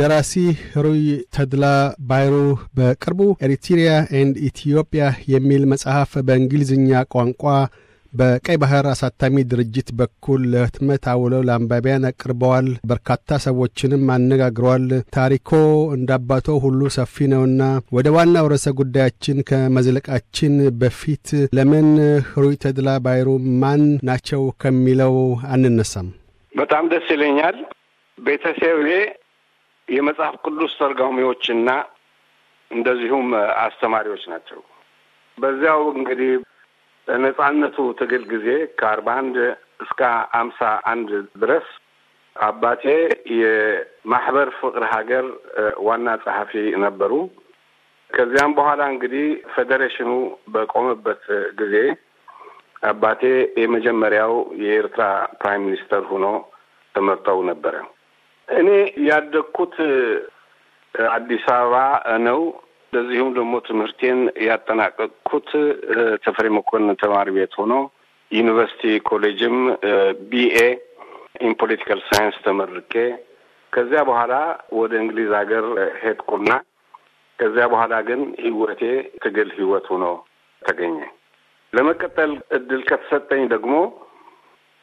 ደራሲ ሩይ ተድላ ባይሩ በቅርቡ ኤሪትሪያ ኤንድ ኢትዮጵያ የሚል መጽሐፍ በእንግሊዝኛ ቋንቋ በቀይ ባህር አሳታሚ ድርጅት በኩል ለህትመት አውለው ለአንባቢያን አቅርበዋል። በርካታ ሰዎችንም አነጋግረዋል። ታሪኮ እንዳባቶ ሁሉ ሰፊ ነውና ወደ ዋናው ርዕሰ ጉዳያችን ከመዝለቃችን በፊት ለምን ሩይ ተድላ ባይሩ ማን ናቸው ከሚለው አንነሳም? በጣም ደስ ይለኛል። ቤተሰቤ የመጽሐፍ ቅዱስ ተርጓሚዎችና እንደዚሁም አስተማሪዎች ናቸው። በዚያው እንግዲህ ነጻነቱ ትግል ጊዜ ከአርባ አንድ እስከ አምሳ አንድ ድረስ አባቴ የማህበር ፍቅር ሀገር ዋና ጸሐፊ ነበሩ። ከዚያም በኋላ እንግዲህ ፌዴሬሽኑ በቆመበት ጊዜ አባቴ የመጀመሪያው የኤርትራ ፕራይም ሚኒስተር ሆኖ ተመርጠው ነበረ። እኔ ያደግኩት አዲስ አበባ ነው። እንደዚሁም ደግሞ ትምህርቴን ያጠናቀቅኩት ተፈሪ መኮንን ተማሪ ቤት ሆኖ ዩኒቨርሲቲ ኮሌጅም ቢኤ ኢን ፖለቲካል ሳይንስ ተመርቄ ከዚያ በኋላ ወደ እንግሊዝ ሀገር ሄድኩና ከዚያ በኋላ ግን ህይወቴ ትግል ህይወት ሆኖ ተገኘ። ለመቀጠል እድል ከተሰጠኝ ደግሞ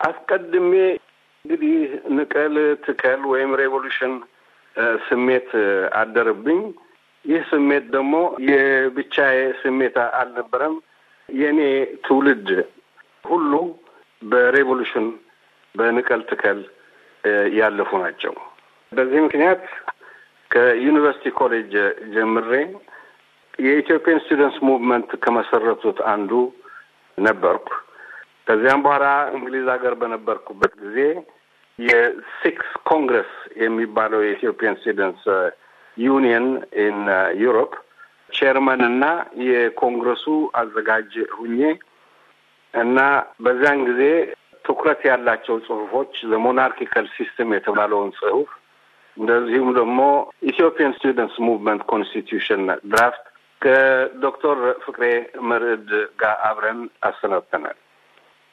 አስቀድሜ እንግዲህ ንቀል ትከል ወይም ሬቮሉሽን ስሜት አደረብኝ። ይህ ስሜት ደግሞ የብቻዬ ስሜት አልነበረም። የእኔ ትውልድ ሁሉ በሬቮሉሽን በንቀል ትከል ያለፉ ናቸው። በዚህ ምክንያት ከዩኒቨርሲቲ ኮሌጅ ጀምሬ የኢትዮጵያን ስቱደንትስ ሙቭመንት ከመሰረቱት አንዱ ነበርኩ። ከዚያም በኋላ እንግሊዝ ሀገር በነበርኩበት ጊዜ የሲክስ ኮንግረስ የሚባለው የኢትዮጵያን ስቱደንትስ ዩኒየን ኢን ዩሮፕ ቼርመን እና የኮንግረሱ አዘጋጅ ሁኜ እና በዚያን ጊዜ ትኩረት ያላቸው ጽሁፎች ዘሞናርኪካል ሲስተም የተባለውን ጽሁፍ እንደዚሁም ደግሞ ኢትዮጵያን ስቱደንትስ ሙቭመንት ኮንስቲትዩሽን ድራፍት ከዶክተር ፍቅሬ መርዕድ ጋር አብረን አሰናብተናል።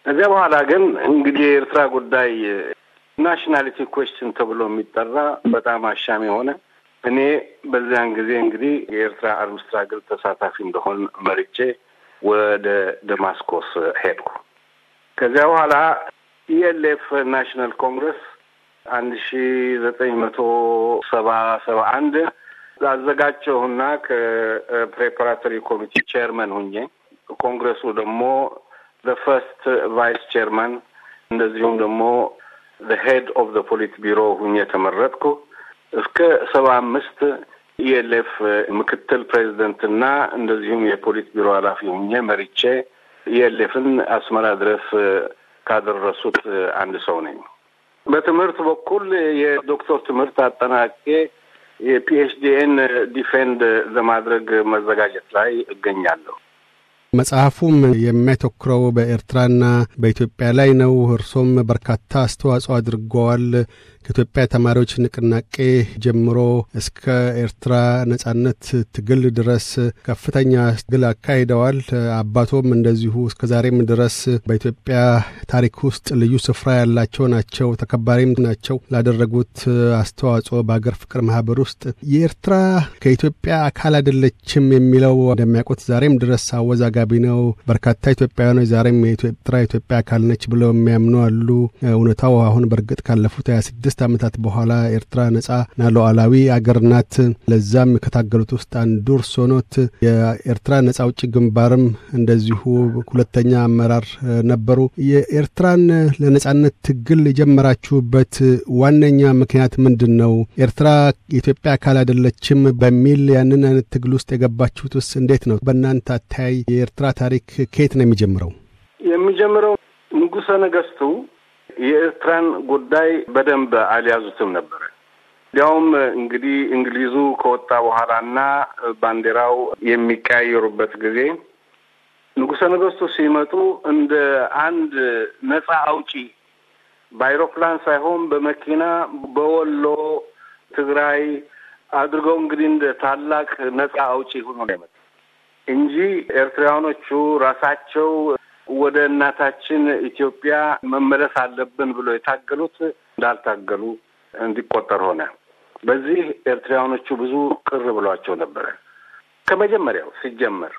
ከዚያ በኋላ ግን እንግዲህ የኤርትራ ጉዳይ ናሽናሊቲ ኩዌስችን ተብሎ የሚጠራ በጣም አሻም የሆነ እኔ በዚያን ጊዜ እንግዲህ የኤርትራ አርም ስትራግል ተሳታፊ እንደሆን መርጬ ወደ ደማስኮስ ሄድኩ። ከዚያ በኋላ ኢኤልኤፍ ናሽናል ኮንግረስ አንድ ሺ ዘጠኝ መቶ ሰባ ሰባ አንድ አዘጋጀሁና ከፕሬፓራቶሪ ኮሚቴ ቼርመን ሁኜ ኮንግረሱ ደግሞ ዘ ፈርስት ቫይስ ቸርማን እንደዚሁም ደግሞ ሄድ ኦፍ ዘ ፖሊት ቢሮ ሁኜ ተመረጥኩ። እስከ ሰባ አምስት ኢኤልኤፍ ምክትል ፕሬዚደንትና እንደዚሁም የፖሊት ቢሮ ኃላፊ ሁኜ መሪቼ ኢኤልኤፍን አስመራ ድረስ ካደረሱት አንድ ሰው ነኝ። በትምህርት በኩል የዶክተር ትምህርት አጠናቄ የፒኤችዲኤን ዲፌንድ ለማድረግ መዘጋጀት ላይ እገኛለሁ። መጽሐፉም የሚያተኩረው በኤርትራና በኢትዮጵያ ላይ ነው። እርሶም በርካታ አስተዋጽኦ አድርገዋል። ከኢትዮጵያ ተማሪዎች ንቅናቄ ጀምሮ እስከ ኤርትራ ነጻነት ትግል ድረስ ከፍተኛ ትግል አካሂደዋል። አባቶም እንደዚሁ እስከ ዛሬም ድረስ በኢትዮጵያ ታሪክ ውስጥ ልዩ ስፍራ ያላቸው ናቸው። ተከባሪም ናቸው ላደረጉት አስተዋጽኦ በአገር ፍቅር ማህበር ውስጥ የኤርትራ ከኢትዮጵያ አካል አይደለችም የሚለው እንደሚያውቁት ዛሬም ድረስ አወዛጋቢ ነው። በርካታ ኢትዮጵያውያኖች ዛሬም የኤርትራ የኢትዮጵያ አካል ነች ብለው የሚያምኑ አሉ። እውነታው አሁን በእርግጥ ካለፉት 26 ከስድስት ዓመታት በኋላ ኤርትራ ነጻና ሉዓላዊ አገር ናት። ለዛም ከታገሉት ውስጥ አንዱ እርሶ ኖት። የኤርትራ ነጻ አውጪ ግንባርም እንደዚሁ ሁለተኛ አመራር ነበሩ። የኤርትራን ለነጻነት ትግል የጀመራችሁበት ዋነኛ ምክንያት ምንድን ነው? ኤርትራ የኢትዮጵያ አካል አይደለችም በሚል ያንን አይነት ትግል ውስጥ የገባችሁትስ እንዴት ነው? በእናንተ አታይ የኤርትራ ታሪክ ከየት ነው የሚጀምረው? የሚጀምረው ንጉሠ ነገሥቱ የኤርትራን ጉዳይ በደንብ አልያዙትም ነበረ። እንዲያውም እንግዲህ እንግሊዙ ከወጣ በኋላና ባንዲራው የሚቀያየሩበት ጊዜ ንጉሰ ነገስቱ ሲመጡ እንደ አንድ ነፃ አውጪ በአይሮፕላን ሳይሆን በመኪና በወሎ ትግራይ አድርገው እንግዲህ እንደ ታላቅ ነፃ አውጪ ሆኖ ነው እንጂ ኤርትራውያኖቹ ራሳቸው ወደ እናታችን ኢትዮጵያ መመለስ አለብን ብሎ የታገሉት እንዳልታገሉ እንዲቆጠር ሆነ። በዚህ ኤርትራውያኖቹ ብዙ ቅር ብሏቸው ነበረ ከመጀመሪያው ሲጀመር።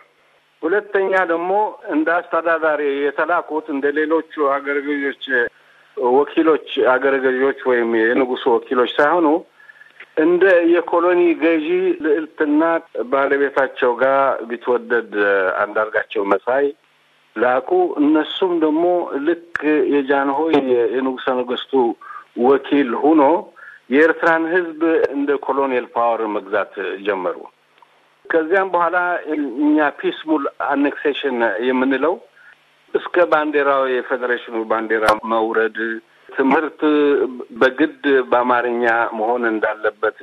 ሁለተኛ ደግሞ እንደ አስተዳዳሪ የተላኩት እንደ ሌሎቹ አገረ ገዢዎች ወኪሎች አገረ ገዢዎች ወይም የንጉሱ ወኪሎች ሳይሆኑ እንደ የኮሎኒ ገዢ ልዕልትና ባለቤታቸው ጋር ቢትወደድ አንዳርጋቸው መሳይ ላኩ። እነሱም ደግሞ ልክ የጃንሆይ የንጉሰ ነገስቱ ወኪል ሆኖ የኤርትራን ህዝብ እንደ ኮሎኔል ፓወር መግዛት ጀመሩ። ከዚያም በኋላ እኛ ፒስሙል አኔክሴሽን የምንለው እስከ ባንዲራው የፌዴሬሽኑ ባንዲራ መውረድ፣ ትምህርት በግድ በአማርኛ መሆን እንዳለበት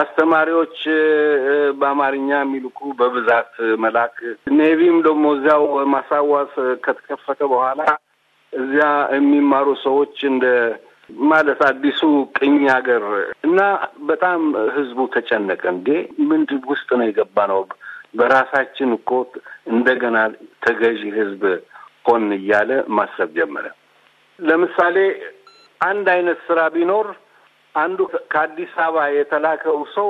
አስተማሪዎች በአማርኛ የሚልኩ በብዛት መላክ ኔቪም ደግሞ እዚያው ማሳዋስ ከተከፈተ በኋላ እዚያ የሚማሩ ሰዎች እንደ ማለት አዲሱ ቅኝ ሀገር እና በጣም ህዝቡ ተጨነቀ። እንዴ ምንድን ውስጥ ነው የገባ ነው? በራሳችን እኮ እንደገና ተገዢ ህዝብ ሆን እያለ ማሰብ ጀመረ። ለምሳሌ አንድ አይነት ስራ ቢኖር አንዱ ከአዲስ አበባ የተላከው ሰው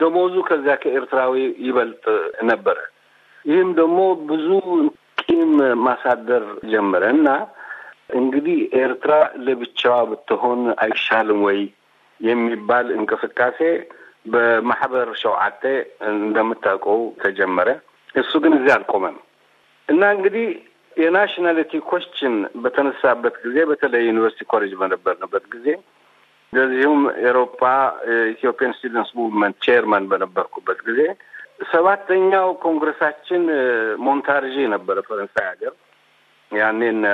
ደሞዙ ከዚያ ከኤርትራዊ ይበልጥ ነበረ። ይህም ደግሞ ብዙ ቂም ማሳደር ጀመረ እና እንግዲህ ኤርትራ ለብቻዋ ብትሆን አይሻልም ወይ የሚባል እንቅስቃሴ በማህበር ሸውዓተ እንደምታውቀው ተጀመረ። እሱ ግን እዚህ አልቆመም እና እንግዲህ የናሽናሊቲ ኮስችን በተነሳበት ጊዜ በተለይ ዩኒቨርሲቲ ኮሌጅ በነበርንበት ጊዜ እንደዚሁም ኤሮፓ ኢትዮጵያን ስቱደንትስ ሙቭመንት ቼርማን በነበርኩበት ጊዜ ሰባተኛው ኮንግረሳችን ሞንታርዤ ነበረ ፈረንሳይ ሀገር። ያኔ እነ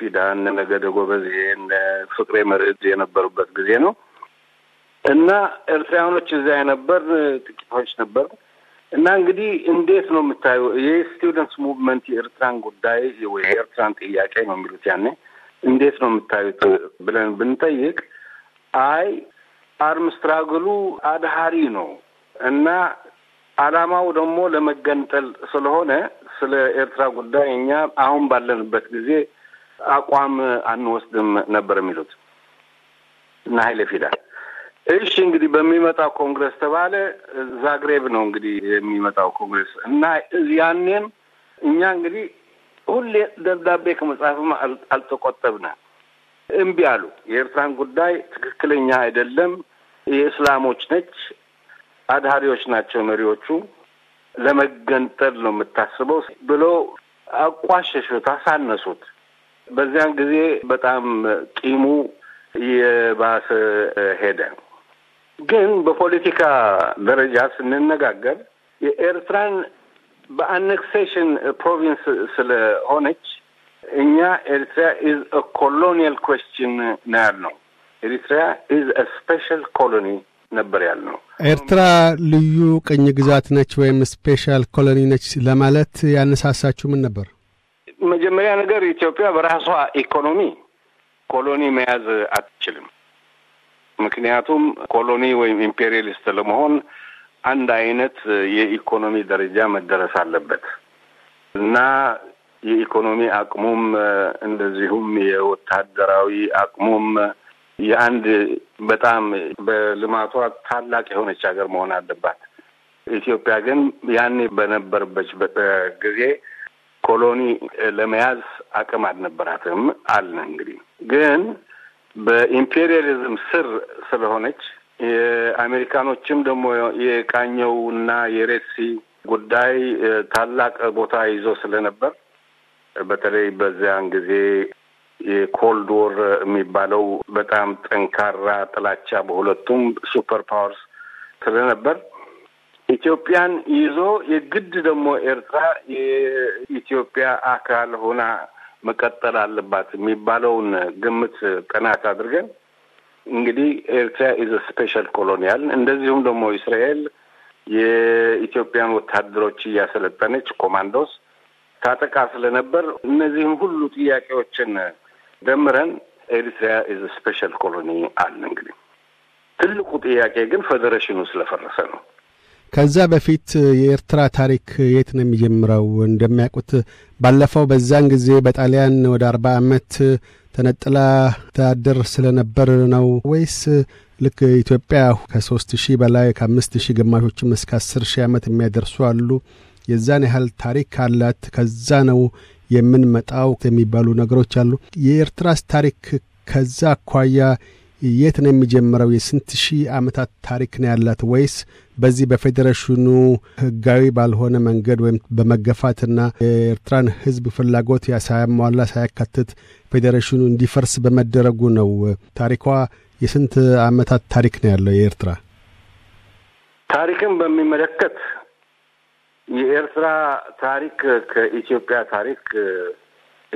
ፊዳ እነ ነገደ ጎበዜ እነ ፍቅሬ መርዕድ የነበሩበት ጊዜ ነው እና ኤርትራውያኖች እዚያ የነበር ጥቂቶች ነበር እና እንግዲህ እንዴት ነው የምታዩ የስቱደንትስ ሙቭመንት የኤርትራን ጉዳይ ወይ የኤርትራን ጥያቄ ነው የሚሉት ያኔ እንዴት ነው የምታዩት ብለን ብንጠይቅ አይ አርምስትራግሉ አድሃሪ ነው እና አላማው ደግሞ ለመገንጠል ስለሆነ ስለ ኤርትራ ጉዳይ እኛ አሁን ባለንበት ጊዜ አቋም አንወስድም ነበር የሚሉት እና ሀይለ ፊዳ እሺ እንግዲህ በሚመጣው ኮንግረስ ተባለ። ዛግሬብ ነው እንግዲህ የሚመጣው ኮንግረስ እና ያኔም እኛ እንግዲህ ሁሌ ደብዳቤ ከመጽሐፍም አልተቆጠብንም። እምቢ አሉ። የኤርትራን ጉዳይ ትክክለኛ አይደለም፣ የእስላሞች ነች፣ አድሃሪዎች ናቸው መሪዎቹ፣ ለመገንጠል ነው የምታስበው ብሎ አቋሸሹት፣ አሳነሱት። በዚያን ጊዜ በጣም ቂሙ የባሰ ሄደ። ግን በፖለቲካ ደረጃ ስንነጋገር የኤርትራን በአኔክሴሽን ፕሮቪንስ ስለሆነች እኛ ኤርትራ ኢዝ አ ኮሎኒያል ኩዌስችን ነው ያልነው። ኢዝ አ ስፔሻል ኮሎኒ ነበር ያልነው። ኤርትራ ልዩ ቅኝ ግዛት ነች ወይም ስፔሻል ኮሎኒ ነች ለማለት ያነሳሳችሁ ምን ነበር? መጀመሪያ ነገር ኢትዮጵያ በራሷ ኢኮኖሚ ኮሎኒ መያዝ አትችልም። ምክንያቱም ኮሎኒ ወይም ኢምፔሪያሊስት ለመሆን አንድ አይነት የኢኮኖሚ ደረጃ መደረስ አለበት እና የኢኮኖሚ አቅሙም እንደዚሁም የወታደራዊ አቅሙም የአንድ በጣም በልማቷ ታላቅ የሆነች ሀገር መሆን አለባት። ኢትዮጵያ ግን ያኔ በነበረበችበት ጊዜ ኮሎኒ ለመያዝ አቅም አልነበራትም አለ። እንግዲህ ግን በኢምፔሪያሊዝም ስር ስለሆነች የአሜሪካኖችም ደግሞ የቃኘውና የሬሲ ጉዳይ ታላቅ ቦታ ይዞ ስለነበር በተለይ በዚያን ጊዜ የኮልድ ወር የሚባለው በጣም ጠንካራ ጥላቻ በሁለቱም ሱፐር ፓወርስ ስለነበር ኢትዮጵያን ይዞ የግድ ደግሞ ኤርትራ የኢትዮጵያ አካል ሆና መቀጠል አለባት የሚባለውን ግምት ጥናት አድርገን እንግዲህ ኤርትራ ኢዝ ስፔሻል ኮሎኒያል፣ እንደዚሁም ደግሞ እስራኤል የኢትዮጵያን ወታደሮች እያሰለጠነች ኮማንዶስ ታጠቃ ስለነበር እነዚህም ሁሉ ጥያቄዎችን ደምረን ኤሪትሪያ ኢዝ ስፔሻል ኮሎኒ አለ። እንግዲህ ትልቁ ጥያቄ ግን ፌዴሬሽኑ ስለፈረሰ ነው። ከዛ በፊት የኤርትራ ታሪክ የት ነው የሚጀምረው? እንደሚያውቁት ባለፈው በዛን ጊዜ በጣሊያን ወደ አርባ ዓመት ተነጥላ ተዳድር ስለነበር ነው ወይስ ልክ ኢትዮጵያ ከሶስት ሺህ በላይ ከአምስት ሺህ ግማሾችም እስከ አስር ሺህ ዓመት የሚያደርሱ አሉ። የዛን ያህል ታሪክ ካላት ከዛ ነው የምንመጣው የሚባሉ ነገሮች አሉ። የኤርትራስ ታሪክ ከዛ አኳያ የት ነው የሚጀምረው? የስንት ሺህ ዓመታት ታሪክ ነው ያላት? ወይስ በዚህ በፌዴሬሽኑ ህጋዊ ባልሆነ መንገድ ወይም በመገፋትና የኤርትራን ህዝብ ፍላጎት ሳያሟላ ሳያካትት ፌዴሬሽኑ እንዲፈርስ በመደረጉ ነው? ታሪኳ የስንት ዓመታት ታሪክ ነው ያለው የኤርትራ? ታሪክን በሚመለከት የኤርትራ ታሪክ ከኢትዮጵያ ታሪክ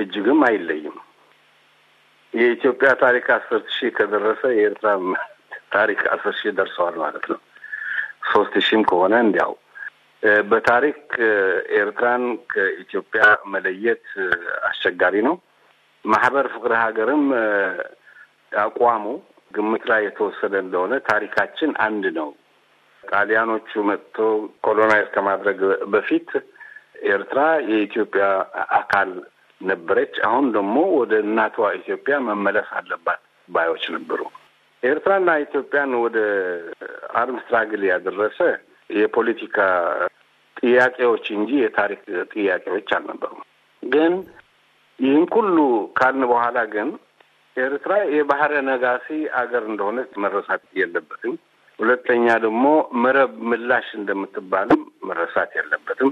እጅግም አይለይም። የኢትዮጵያ ታሪክ አስርት ሺህ ከደረሰ የኤርትራ ታሪክ አስር ሺህ ደርሰዋል ማለት ነው። ሶስት ሺህም ከሆነ እንዲያው በታሪክ ኤርትራን ከኢትዮጵያ መለየት አስቸጋሪ ነው። ማህበር ፍቅረ ሀገርም አቋሙ ግምት ላይ የተወሰደ እንደሆነ ታሪካችን አንድ ነው ጣሊያኖቹ መጥቶ ኮሎናይዝ ከማድረግ በፊት ኤርትራ የኢትዮጵያ አካል ነበረች። አሁን ደግሞ ወደ እናቷ ኢትዮጵያ መመለስ አለባት ባዮች ነበሩ። ኤርትራና ኢትዮጵያን ወደ አርም ስትራግል ያደረሰ የፖለቲካ ጥያቄዎች እንጂ የታሪክ ጥያቄዎች አልነበሩም። ግን ይህን ሁሉ ካልን በኋላ ግን ኤርትራ የባህረ ነጋሲ አገር እንደሆነ መረሳት የለበትም። ሁለተኛ ደግሞ መረብ ምላሽ እንደምትባልም መረሳት የለበትም።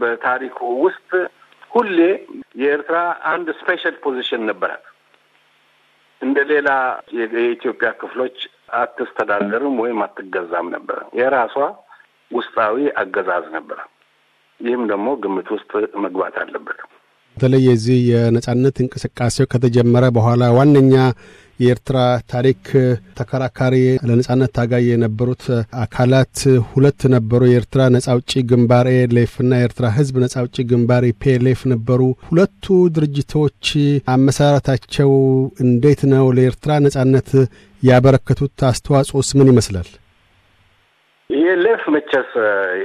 በታሪኩ ውስጥ ሁሌ የኤርትራ አንድ ስፔሻል ፖዚሽን ነበራት። እንደ ሌላ የኢትዮጵያ ክፍሎች አትስተዳደርም ወይም አትገዛም ነበረ። የራሷ ውስጣዊ አገዛዝ ነበረ። ይህም ደግሞ ግምት ውስጥ መግባት አለበት። በተለይ የዚህ የነጻነት እንቅስቃሴው ከተጀመረ በኋላ ዋነኛ የኤርትራ ታሪክ ተከራካሪ ለነጻነት ታጋይ የነበሩት አካላት ሁለት ነበሩ። የኤርትራ ነጻ አውጪ ግንባር ኤሌፍ እና የኤርትራ ሕዝብ ነጻ አውጪ ግንባር ፒኤልኤፍ ነበሩ። ሁለቱ ድርጅቶች አመሰረታቸው እንዴት ነው? ለኤርትራ ነጻነት ያበረከቱት አስተዋጽኦስ ምን ይመስላል? ኢኤልኤፍ መቼስ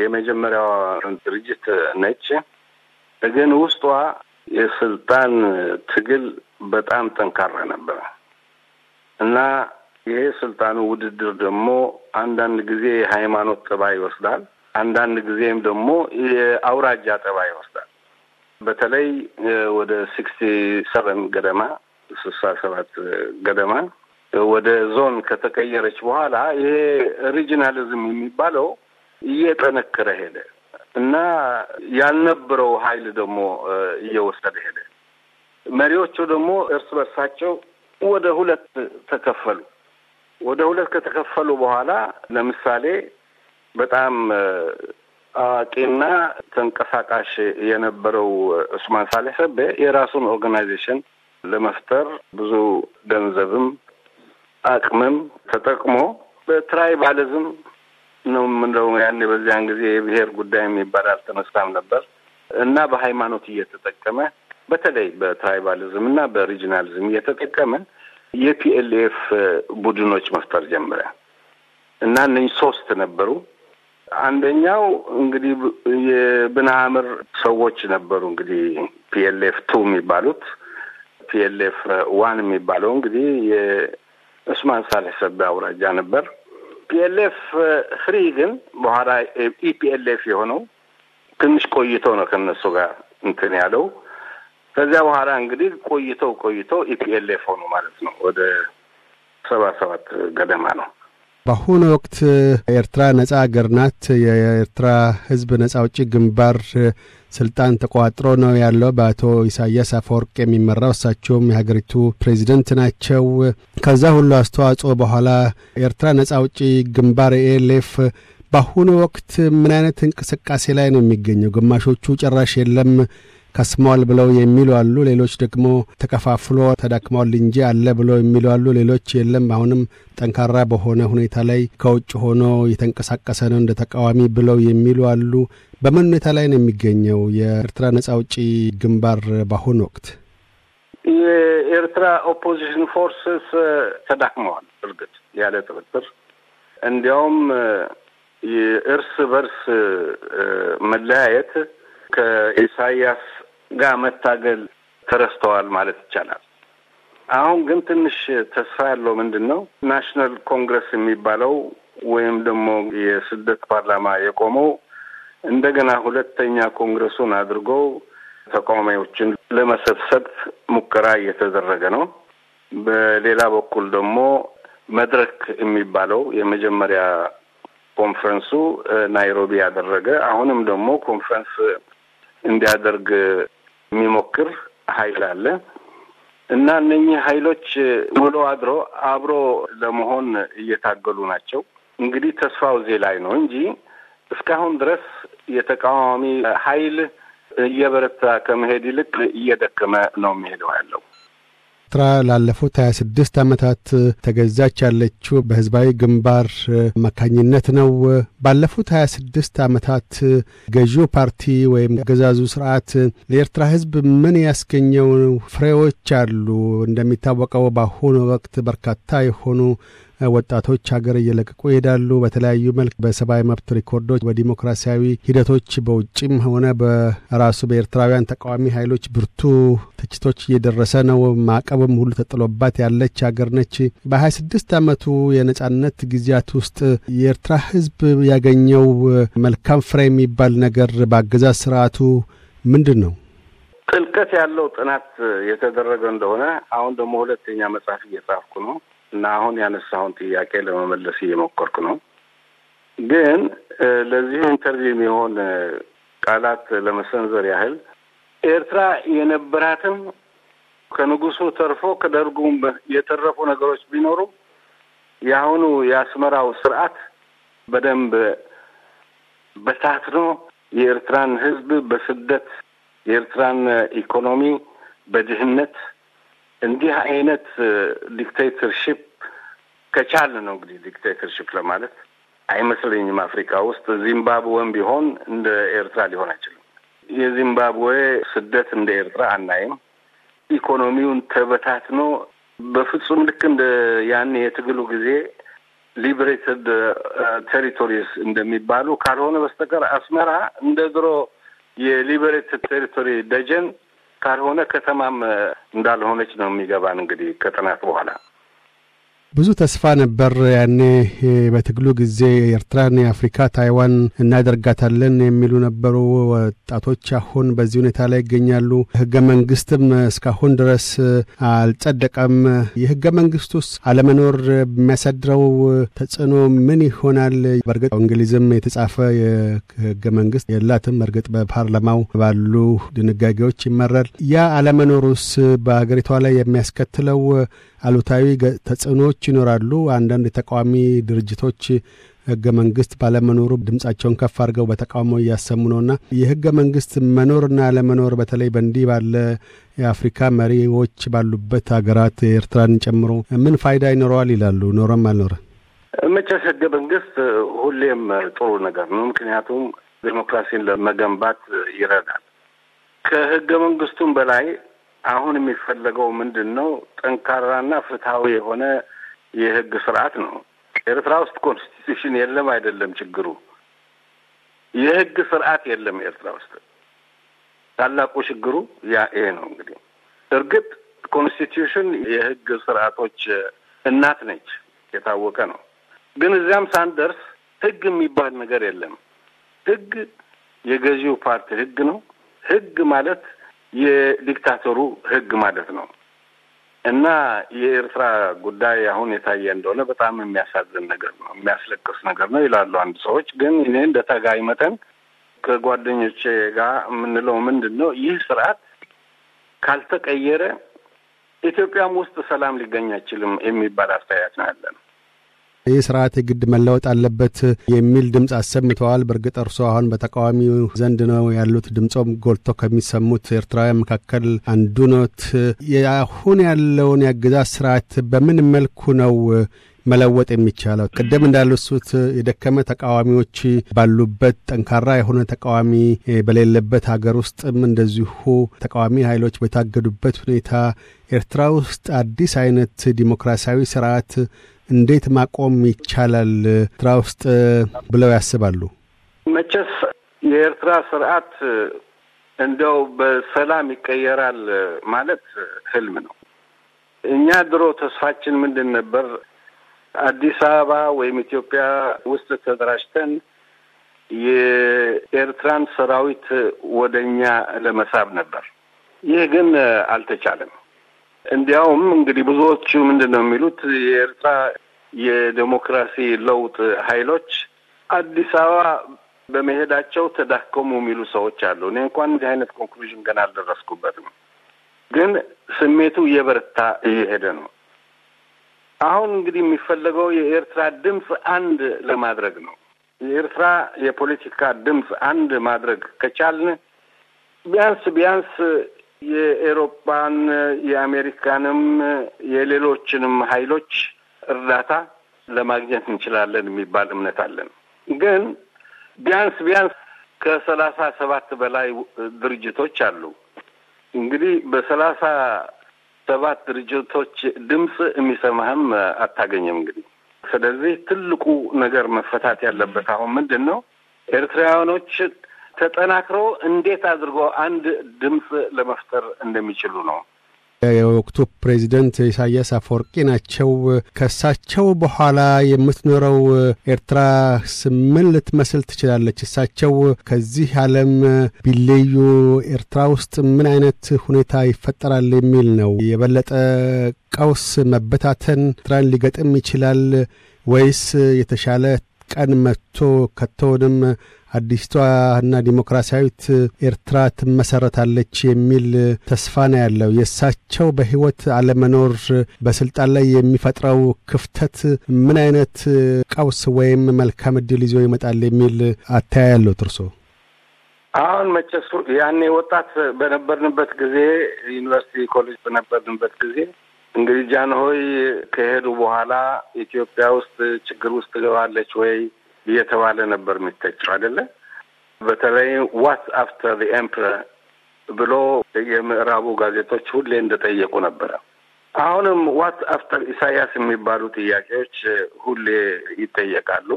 የመጀመሪያዋ ድርጅት ነች። ግን ውስጧ የስልጣን ትግል በጣም ጠንካራ ነበረ እና ይሄ ስልጣኑ ውድድር ደግሞ አንዳንድ ጊዜ የሃይማኖት ጠባይ ይወስዳል፣ አንዳንድ ጊዜም ደግሞ የአውራጃ ጠባይ ይወስዳል። በተለይ ወደ ሲክስቲ ሰቨን ገደማ ስልሳ ሰባት ገደማ ወደ ዞን ከተቀየረች በኋላ ይሄ ሪጂናሊዝም የሚባለው እየጠነከረ ሄደ። እና ያልነበረው ኃይል ደግሞ እየወሰደ ሄደ። መሪዎቹ ደግሞ እርስ በርሳቸው ወደ ሁለት ተከፈሉ። ወደ ሁለት ከተከፈሉ በኋላ ለምሳሌ በጣም አዋቂና ተንቀሳቃሽ የነበረው ዑስማን ሳሌህ ሰቤ የራሱን ኦርጋናይዜሽን ለመፍጠር ብዙ ገንዘብም አቅምም ተጠቅሞ በትራይባሊዝም ነው የምንለው። ያኔ በዚያን ጊዜ የብሔር ጉዳይ የሚባል አልተነሳም ነበር እና በሃይማኖት እየተጠቀመ በተለይ በትራይባሊዝም እና በሪጂናሊዝም እየተጠቀመ የፒኤልኤፍ ቡድኖች መፍጠር ጀምረ እና እነኝ ሶስት ነበሩ። አንደኛው እንግዲህ የብንሀምር ሰዎች ነበሩ እንግዲህ ፒኤልኤፍ ቱ የሚባሉት ፒኤልኤፍ ዋን የሚባለው እንግዲህ የእስማን ሳልህ አውራጃ ነበር። ፒኤልኤፍ ፍሪ ግን በኋላ ኢፒኤልኤፍ የሆነው ትንሽ ቆይቶ ነው ከነሱ ጋር እንትን ያለው። ከዚያ በኋላ እንግዲህ ቆይተው ቆይተው ኢፒኤልኤፍ ሆኑ ማለት ነው። ወደ ሰባ ሰባት ገደማ ነው። በአሁኑ ወቅት ኤርትራ ነጻ አገር ናት። የኤርትራ ህዝብ ነጻ አውጪ ግንባር ስልጣን ተቋጥሮ ነው ያለው በአቶ ኢሳያስ አፈወርቅ የሚመራው እሳቸውም የሀገሪቱ ፕሬዚደንት ናቸው። ከዛ ሁሉ አስተዋጽኦ በኋላ ኤርትራ ነጻ አውጪ ግንባር ኤሌፍ በአሁኑ ወቅት ምን አይነት እንቅስቃሴ ላይ ነው የሚገኘው? ግማሾቹ ጭራሽ የለም ከስመዋል ብለው የሚሉ አሉ። ሌሎች ደግሞ ተከፋፍሎ ተዳክመዋል እንጂ አለ ብለው የሚሉ አሉ። ሌሎች የለም አሁንም ጠንካራ በሆነ ሁኔታ ላይ ከውጭ ሆኖ የተንቀሳቀሰ ነው እንደ ተቃዋሚ ብለው የሚሉ አሉ። በምን ሁኔታ ላይ ነው የሚገኘው የኤርትራ ነጻ አውጪ ግንባር በአሁኑ ወቅት? የኤርትራ ኦፖዚሽን ፎርስስ ተዳክመዋል። እርግጥ ያለ ጥርጥር እንዲያውም የእርስ በርስ መለያየት ከኢሳያስ ጋር መታገል ተረስተዋል ማለት ይቻላል። አሁን ግን ትንሽ ተስፋ ያለው ምንድን ነው ናሽናል ኮንግረስ የሚባለው ወይም ደግሞ የስደት ፓርላማ የቆመው እንደገና ሁለተኛ ኮንግረሱን አድርጎ ተቃዋሚዎችን ለመሰብሰብ ሙከራ እየተደረገ ነው። በሌላ በኩል ደግሞ መድረክ የሚባለው የመጀመሪያ ኮንፈረንሱ ናይሮቢ ያደረገ አሁንም ደግሞ ኮንፈረንስ እንዲያደርግ የሚሞክር ሀይል አለ እና እነኚህ ሀይሎች ውሎ አድሮ አብሮ ለመሆን እየታገሉ ናቸው። እንግዲህ ተስፋው እዚህ ላይ ነው እንጂ እስካሁን ድረስ የተቃዋሚ ሀይል እየበረታ ከመሄድ ይልቅ እየደከመ ነው የሚሄደው ያለው። ኤርትራ ላለፉት 26 ዓመታት ተገዛች ያለችው በህዝባዊ ግንባር አማካኝነት ነው። ባለፉት 26 ዓመታት ገዢው ፓርቲ ወይም ገዛዙ ስርዓት ለኤርትራ ህዝብ ምን ያስገኘው ፍሬዎች አሉ? እንደሚታወቀው በአሁኑ ወቅት በርካታ የሆኑ ወጣቶች ሀገር እየለቀቁ ይሄዳሉ። በተለያዩ መልክ በሰብአዊ መብት ሪኮርዶች፣ በዲሞክራሲያዊ ሂደቶች በውጭም ሆነ በራሱ በኤርትራውያን ተቃዋሚ ኃይሎች ብርቱ ትችቶች እየደረሰ ነው። ማዕቀብም ሁሉ ተጥሎባት ያለች ሀገር ነች። በሀያ ስድስት ዓመቱ የነጻነት ጊዜያት ውስጥ የኤርትራ ህዝብ ያገኘው መልካም ፍሬ የሚባል ነገር በአገዛዝ ስርዓቱ ምንድን ነው? ጥልቀት ያለው ጥናት የተደረገ እንደሆነ አሁን ደግሞ ሁለተኛ መጽሐፍ እየጻፍኩ ነው። እና አሁን ያነሳሁን ጥያቄ ለመመለስ እየሞከርኩ ነው። ግን ለዚህ ኢንተርቪው የሚሆን ቃላት ለመሰንዘር ያህል ኤርትራ የነበራትም ከንጉሱ ተርፎ ከደርጉም የተረፉ ነገሮች ቢኖሩ የአሁኑ የአስመራው ስርዓት በደንብ በታትኖ የኤርትራን ሕዝብ በስደት የኤርትራን ኢኮኖሚ በድህነት እንዲህ አይነት ዲክቴተርሽፕ ከቻለ ነው እንግዲህ ዲክቴተርሽፕ ለማለት አይመስለኝም። አፍሪካ ውስጥ ዚምባብዌም ቢሆን እንደ ኤርትራ ሊሆን አይችልም። የዚምባብዌ ስደት እንደ ኤርትራ አናይም። ኢኮኖሚውን ተበታትኖ በፍጹም ልክ እንደ ያን የትግሉ ጊዜ ሊበሬትድ ቴሪቶሪስ እንደሚባሉ ካልሆነ በስተቀር አስመራ እንደ ድሮ የሊበሬትድ ቴሪቶሪ ደጀን ካልሆነ ከተማም እንዳልሆነች ነው የሚገባን እንግዲህ ከጥናት በኋላ ብዙ ተስፋ ነበር ያኔ በትግሉ ጊዜ ኤርትራን የአፍሪካ ታይዋን እናደርጋታለን የሚሉ ነበሩ። ወጣቶች አሁን በዚህ ሁኔታ ላይ ይገኛሉ። ህገ መንግስትም እስካሁን ድረስ አልጸደቀም። የህገ መንግስት ውስጥ አለመኖር የሚያሳድረው ተጽዕኖ ምን ይሆናል? በእርግጥ እንግሊዝም የተጻፈ የህገ መንግስት የላትም። እርግጥ በፓርላማው ባሉ ድንጋጌዎች ይመራል። ያ አለመኖሩስ በሀገሪቷ ላይ የሚያስከትለው አሉታዊ ተጽዕኖዎች ይኖራሉ። አንዳንድ የተቃዋሚ ድርጅቶች ህገ መንግስት ባለመኖሩ ድምፃቸውን ከፍ አድርገው በተቃውሞ እያሰሙ ነውና የህገ መንግስት መኖርና አለመኖር በተለይ በእንዲህ ባለ የአፍሪካ መሪዎች ባሉበት ሀገራት ኤርትራን ጨምሮ ምን ፋይዳ ይኖረዋል ይላሉ? ኖረም አልኖረ መቼስ ህገ መንግስት ሁሌም ጥሩ ነገር ነው። ምክንያቱም ዴሞክራሲን ለመገንባት ይረዳል። ከህገ መንግስቱም በላይ አሁን የሚፈለገው ምንድን ነው? ጠንካራና ፍትሐዊ የሆነ የህግ ስርዓት ነው። ኤርትራ ውስጥ ኮንስቲቱሽን የለም አይደለም ችግሩ፣ የህግ ስርዓት የለም ኤርትራ ውስጥ። ታላቁ ችግሩ ያ ይሄ ነው። እንግዲህ እርግጥ ኮንስቲቱሽን የህግ ስርዓቶች እናት ነች፣ የታወቀ ነው። ግን እዚያም ሳንደርስ ህግ የሚባል ነገር የለም። ህግ የገዢው ፓርቲ ህግ ነው። ህግ ማለት የዲክታተሩ ህግ ማለት ነው። እና የኤርትራ ጉዳይ አሁን የታየ እንደሆነ በጣም የሚያሳዝን ነገር ነው፣ የሚያስለቅስ ነገር ነው ይላሉ አንድ ሰዎች። ግን እኔ እንደ ተጋይ መጠን ከጓደኞቼ ጋር የምንለው ምንድን ነው ይህ ስርዓት ካልተቀየረ ኢትዮጵያም ውስጥ ሰላም ሊገኝ አይችልም የሚባል አስተያየት ነው ያለን። ይህ ስርዓት የግድ መለወጥ አለበት የሚል ድምፅ አሰምተዋል። በእርግጥ እርሶ አሁን በተቃዋሚ ዘንድ ነው ያሉት፣ ድምፆም ጎልቶ ከሚሰሙት ኤርትራውያን መካከል አንዱ ኖት። አሁን ያለውን የአገዛዝ ስርዓት በምን መልኩ ነው መለወጥ የሚቻለው? ቅድም እንዳልሱት የደከመ ተቃዋሚዎች ባሉበት ጠንካራ የሆነ ተቃዋሚ በሌለበት ሀገር ውስጥም እንደዚሁ ተቃዋሚ ኃይሎች በታገዱበት ሁኔታ ኤርትራ ውስጥ አዲስ አይነት ዲሞክራሲያዊ ስርዓት እንዴት ማቆም ይቻላል ኤርትራ ውስጥ ብለው ያስባሉ? መቼስ የኤርትራ ስርዓት እንደው በሰላም ይቀየራል ማለት ህልም ነው። እኛ ድሮ ተስፋችን ምንድን ነበር? አዲስ አበባ ወይም ኢትዮጵያ ውስጥ ተደራጅተን የኤርትራን ሰራዊት ወደ እኛ ለመሳብ ነበር። ይህ ግን አልተቻለም። እንዲያውም እንግዲህ ብዙዎቹ ምንድን ነው የሚሉት የኤርትራ የዴሞክራሲ ለውጥ ኃይሎች አዲስ አበባ በመሄዳቸው ተዳከሙ የሚሉ ሰዎች አሉ። እኔ እንኳን እንዲህ አይነት ኮንክሉዥን ገና አልደረስኩበትም፣ ግን ስሜቱ እየበረታ እየሄደ ነው። አሁን እንግዲህ የሚፈለገው የኤርትራ ድምፅ አንድ ለማድረግ ነው። የኤርትራ የፖለቲካ ድምፅ አንድ ማድረግ ከቻልን ቢያንስ ቢያንስ የኤሮፓን የአሜሪካንም የሌሎችንም ሀይሎች እርዳታ ለማግኘት እንችላለን የሚባል እምነት አለን። ግን ቢያንስ ቢያንስ ከሰላሳ ሰባት በላይ ድርጅቶች አሉ። እንግዲህ በሰላሳ ሰባት ድርጅቶች ድምፅ የሚሰማህም አታገኝም እንግዲህ ስለዚህ ትልቁ ነገር መፈታት ያለበት አሁን ምንድን ነው ኤርትራውያኖች ተጠናክሮ እንዴት አድርጎ አንድ ድምፅ ለመፍጠር እንደሚችሉ ነው። የወቅቱ ፕሬዚደንት ኢሳያስ አፈወርቂ ናቸው። ከእሳቸው በኋላ የምትኖረው ኤርትራ ምን ልትመስል ትችላለች? እሳቸው ከዚህ ዓለም ቢለዩ ኤርትራ ውስጥ ምን አይነት ሁኔታ ይፈጠራል የሚል ነው። የበለጠ ቀውስ፣ መበታተን ኤርትራን ሊገጥም ይችላል ወይስ የተሻለ ቀን መጥቶ ከቶውንም አዲስቷና ዲሞክራሲያዊት ኤርትራ ትመሰረታለች የሚል ተስፋ ነው ያለው። የእሳቸው በህይወት አለመኖር በስልጣን ላይ የሚፈጥረው ክፍተት ምን አይነት ቀውስ ወይም መልካም እድል ይዞ ይመጣል የሚል አተያይ ያለው እርሶ? አሁን መቼሱ ያኔ ወጣት በነበርንበት ጊዜ ዩኒቨርሲቲ ኮሌጅ በነበርንበት ጊዜ እንግዲህ ጃንሆይ ከሄዱ በኋላ ኢትዮጵያ ውስጥ ችግር ውስጥ ትገባለች ወይ እየተባለ ነበር የሚተቸው አይደለ? በተለይ ዋት አፍተር ዘ ኤምፕረር ብሎ የምዕራቡ ጋዜጦች ሁሌ እንደጠየቁ ነበረ። አሁንም ዋት አፍተር ኢሳያስ የሚባሉ ጥያቄዎች ሁሌ ይጠየቃሉ።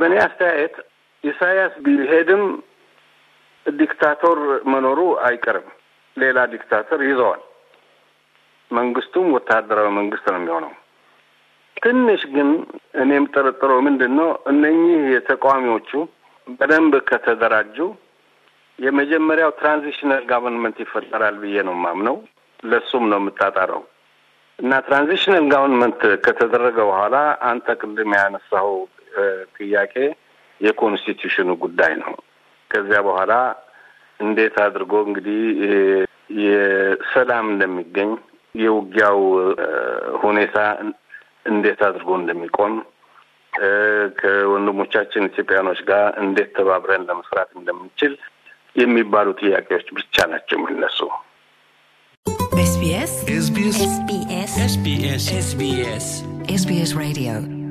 በእኔ አስተያየት ኢሳያስ ቢሄድም ዲክታቶር መኖሩ አይቀርም። ሌላ ዲክታተር ይዘዋል። መንግስቱም ወታደራዊ መንግስት ነው የሚሆነው። ትንሽ ግን እኔ የምጠረጥረው ምንድን ነው እነኚህ የተቃዋሚዎቹ በደንብ ከተደራጁ የመጀመሪያው ትራንዚሽናል ጋቨርንመንት ይፈጠራል ብዬ ነው ማምነው። ለሱም ነው የምታጠረው እና ትራንዚሽናል ጋቨርንመንት ከተደረገ በኋላ አንተ ቅድም ያነሳው ጥያቄ የኮንስቲቱሽኑ ጉዳይ ነው። ከዚያ በኋላ እንዴት አድርጎ እንግዲህ የሰላም እንደሚገኝ የውጊያው ሁኔታ እንዴት አድርጎ እንደሚቆም ከወንድሞቻችን ኢትዮጵያኖች ጋር እንዴት ተባብረን ለመስራት እንደምንችል የሚባሉ ጥያቄዎች ብቻ ናቸው የሚነሱ። ኤስቢኤስ ሬዲዮ